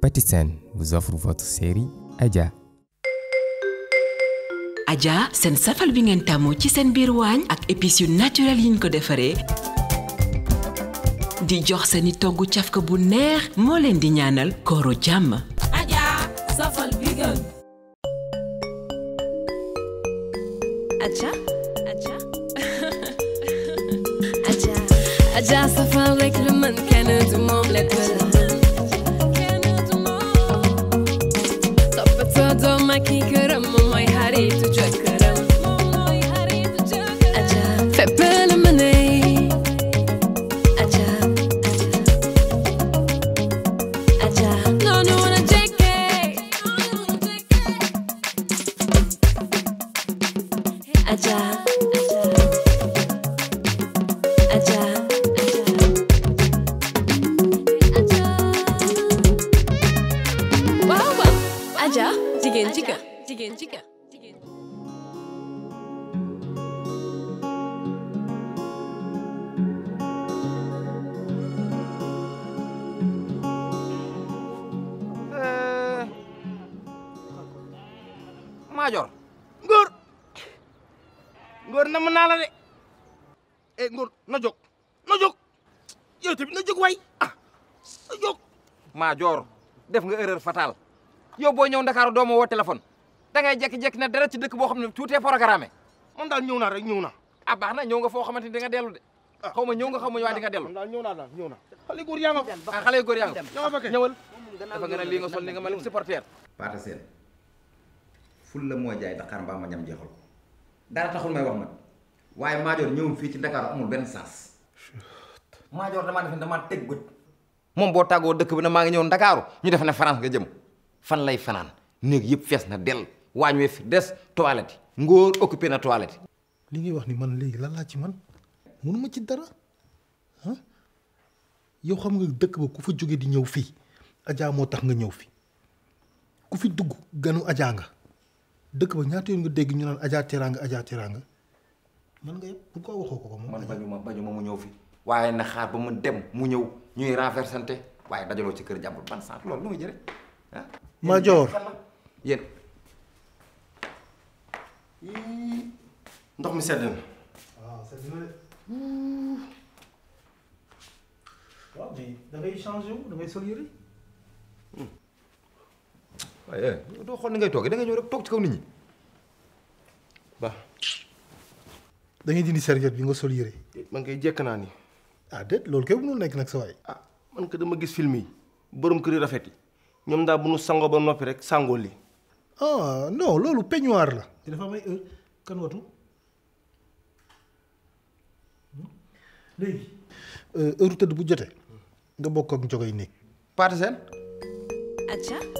Patisen vous offre votre série seen safal bi ngeen tàmmu ci seen biir waañ ak épices yu naturel yi ko defaree di jox seeni togg cafka bu neex moo leen di ñaanal kooru jàmm. Adja safal bi ki my mai hari just Kajoor ngóor ngóor na mën naa la de eh ngóor na jóg na jóg yow tamit na jóg way ah na jóg maa joor def nga erreur fatale yow boo ñëw Ndakaaru doo ma woo téléphone da ngay na jékki ne dara ci dëkk boo xam ne tout est programmé man daal ñëw naa rek ñëw naa ah baax na ñëw nga foo xamante ni da nga dellu de ah. xaw ñëw nga xaw ñëwaat di nga dellu xale góor ah, ñëwal dafa nga ne sol ni nga mel supporter fulla moy jaay Dakar ba ma ñam jeexal ko dara taxul may wax nag waye major ñewum fi ci Dakar amul ben sens major dama def dama tegg gut mom bo boo dekk bi na ma ngi ñew dakar ñu def na France nga jëm fan lay fanan néeg yep fess na del wañu fi des toilette ngor occupé na toilette li ngi wax ni man legi lan la ci man mënuma ci dara han yow xam nga dekk ba ku fa di ñew fi Adja mo tax nga ñew fi ku fi dugg ganu Adja nga dëkk ba ñaata yoon nga dégg ñu naan Adja Teranga Adja Teranga man nga yëpp pourquoi waxoo ko ko moom. man bañuma bañuma mu ñëw fi waaye na xaar ba mu dem mu ñëw ñuy renversante waaye dajaloo ci kër jàmbur ban sant loolu lu muy jëre ah. Major ndox mi sedd na. waaw ah, sedd na de. Hmm. waaw da sol yëre eh, doo xool ni ngay toogee da ngay ñëw rek toog ci kaw nit ñi ba da ngay dindi serviette bi nga sol yére man kay jekk naa ni ah déet loolu kay mënul nekk nag sa waay ah man ko dama gis film yi borom kër yi rafet yi ñoom daal bu nu sangoo ba noppi rek sangoo li ah non loolu peignoir la dafa am eh, heure kan watu hmm? léegi heure eh, eh, tëdd bu jotee nga bokk ak njogay néeg paate seen acca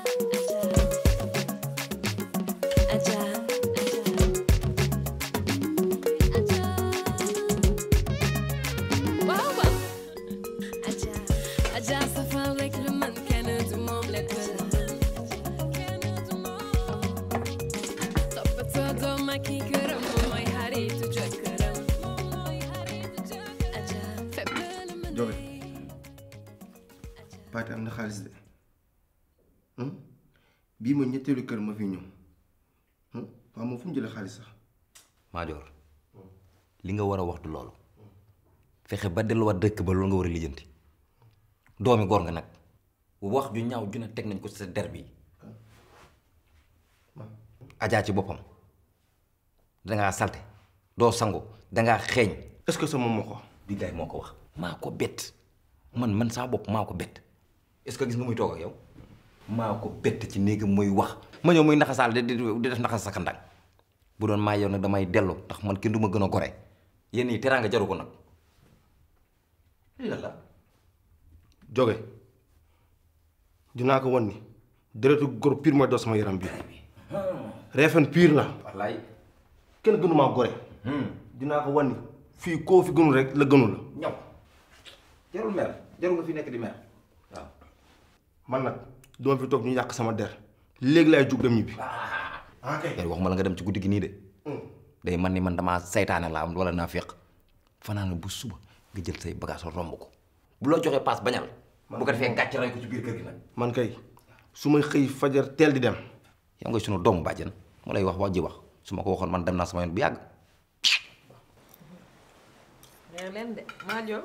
Jobe am na xaalis de bii ma ñetteelu kër ma fi ñëw waaw moom fu mu xaalis sax Madior li nga war a waxtu loolu fexe ba delluwaat dëkk ba loolu nga war a lijjanti doomi góor nga nag wax ju ñaaw ju ne teg nañ ko sa der bi ajaa ci boppam da asal salte dosanggo, sangu da ngaa xeeñ. est ce que sama moko di gay moko wax mako bet man man sa bop mako bet est ce que gis nga muy toog ak yow mako bet ci neeg muy wax ma ñoo muy naxasal di di def naxas sa kandang bu doon ma yow nak damay delu tax man ki nduma gëna goré yen yi teranga jaru ko nag yàlla joge dina ko wonni deretu gor pire mooy doo sama yaram bi reefen pire la kenn gënuma gore hmm. dina ko wani fi ko fi gënul rek la gënul la ñaw jarul mer jarul nga fi nek di mer waaw man nak do fi tok ñu yak sama der Leg lay juk dem ñibbi ah, ah, wax ma la nga dem ci guddigi ni de hmm day man ni man dama saytaane la am wala naa féq fanaan bu suba nga jël say bagage romb ko bu lo joxe paas bañal bu ko ray ko ci biir kër gi man kay sumay xey fajar tel di dem Yang nga sunu dom bàjjen mulay wax wax wax su ma ko waxoon man dem naa sama yoon bu yàgg. leer leen de Madior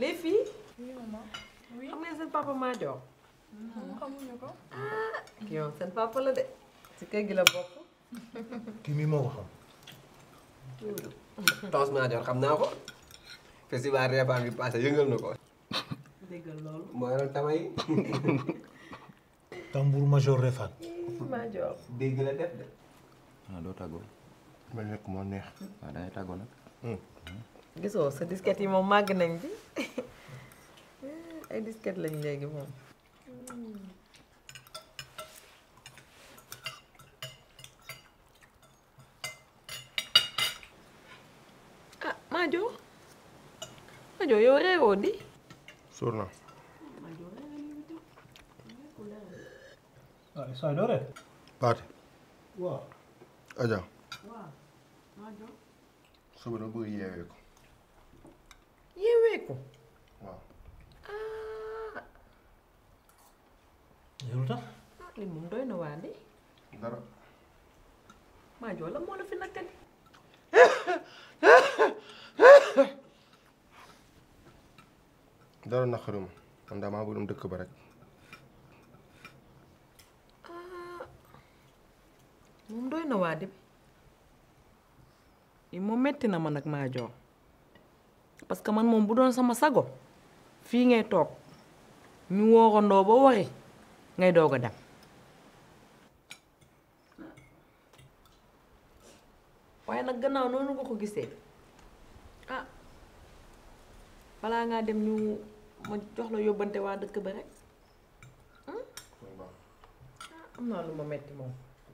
les filles. oui maman. oui seen papa Madior. xamuñu ah, seen papa la de. ci kër gi la bokk. kii mii xam. naa ko. festival repas bi passé yëngal na ko. dégg loolu. mooy loolu tama yi. maa jox dégg la def de. ah doo tàggoo. ma lekk moo neex. waaw ah, da tàggoo nag. Hmm. gisoo sa disquette yi moom màgg nañ bi ay disquette lañ léegi moom. ah Madio Madio yow réewoo di. suur na. Saydore. Paate. waaw. Adja. waaw. suba dama bëgg yeewee ko. yeewee ko. waaw. yow tax. li moom doy na waa de. dara. maa joo la moo la fi nattali. dara naqaru ma man daal maa bëgg dëkk ba rek. moom doy na waa dem yi moom metti na ma nag maa jox parce que man moom bu doon sama sago fii ngay toog ñu woorandoo ba wari ngay doog a dem waaye nag gannaaw noonu ko ko gisee ah balaa ngaa dem ñu ma jox la yóbbante waa dëkk ba rek hmm? ah, am naa lu ma metti moom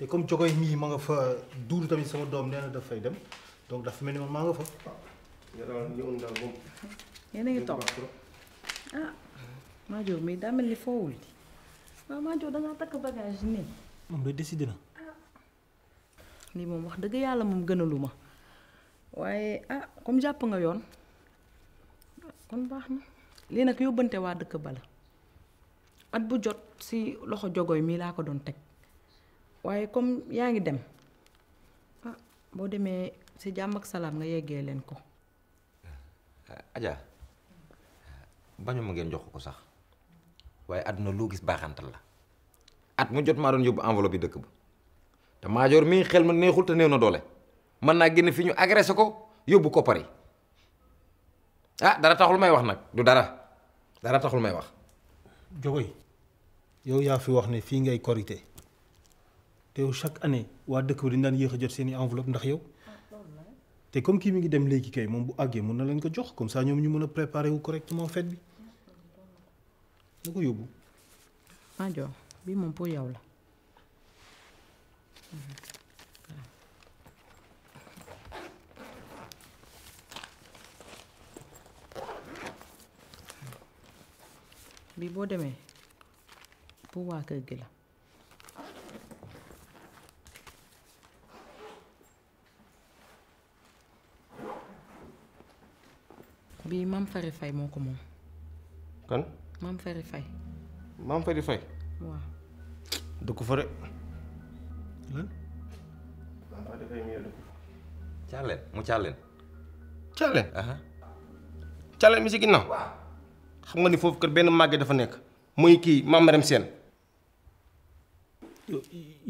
té comme jogoy mi ma nga fa duuru tamit sama dom néna da fay dem donc da fa melni man nga fa yéen a ngi tok ah maajo mi da melni fo wul di ma maajo da nga tak bagage ni mom da décider na ni ah, mom wax deug yàlla mom gënaluma waye ah comme japp nga yoon kon baax na lii nag yóbbante waa bala at bu jot si loxo jogoy mi la ko don tek waaye comme yaa ngi dem ah boo demee si jàmm ak salaam nga yeggee leen ko eh, Adja bañu ma ngeen jox ko sax waaye àdduna loo gis baaxantal la at mu jot maa doon yóbbu enveloppe bi dëkk ba te maajoor mii xel ma neexul te néew na doole mën naa génn fi ñu agressé ko yóbbu ko Paris ah dara taxul may wax nag du dara dara taxul may wax jogoy yow yaa fi wax ne fii ngay korité te yow chaque année waa dëkk bi dañu daan yéex a jot seen i enveloppe ndax yow te comme kii mi ngi dem léegi kay moom bu àggee mën na leen ko jox comme ça ñoom ñu mën a préparer wu correctement fête bi na ko yóbbu. Madior bii moom pour yow la. bi boo demee pour waa kër gi la. bi mam fari fay moko mom kan mam fari fay mam fari fay wa du ko fere lan mam fari fay mi ko cialen mu cialen cialen aha cialen mi ci ginnaw xam nga ni fofu kër ben magge dafa muy ki mam rem sen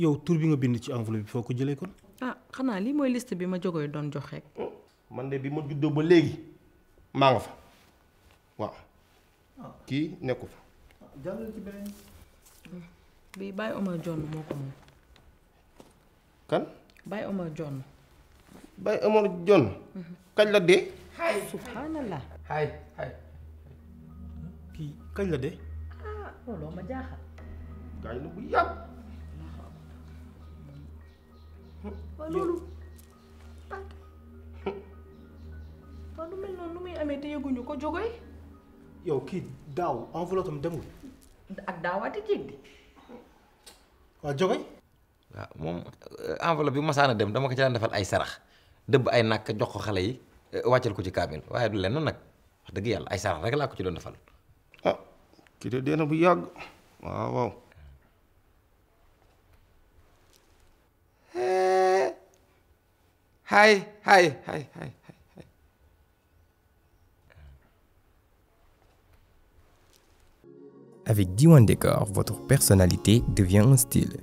yo tour bi nga bind ci enveloppe bi foko jele kon ah xana li moy liste bi ma jogoy don jox rek man de bi ma juddo ba légui maa nga fa waaw. Ah. kii nekku fa. Ah, jàll ci beneen. bii Baye Omar Jonn moo ko moom. kan. Baye Omar Jonn. Baye Omar Jonn. Mhm. kañ la dee. hay kii kañ la dee. ah ma jaaxal. gaañ na bu yàgg. waaw lu mel noonu lu muy amee te yëguñu ko jógoy yow kii daaw enveloppe am demul. ak daawaati jéeg di. waaw jógoy moom euh, enveloppe bi masaana dem dama ko ci daan defal ay sarax dëbb ay nàkk jox ko xale yi euh, wàccal ko ci kaamil waaye du lenn nag wax dëgg yàlla ay sarax rek laa ko ci doon defal. ah kii de dee na bu yàgg waaw hay hay hay. Avec Diwan Décor, votre personnalité devient un style.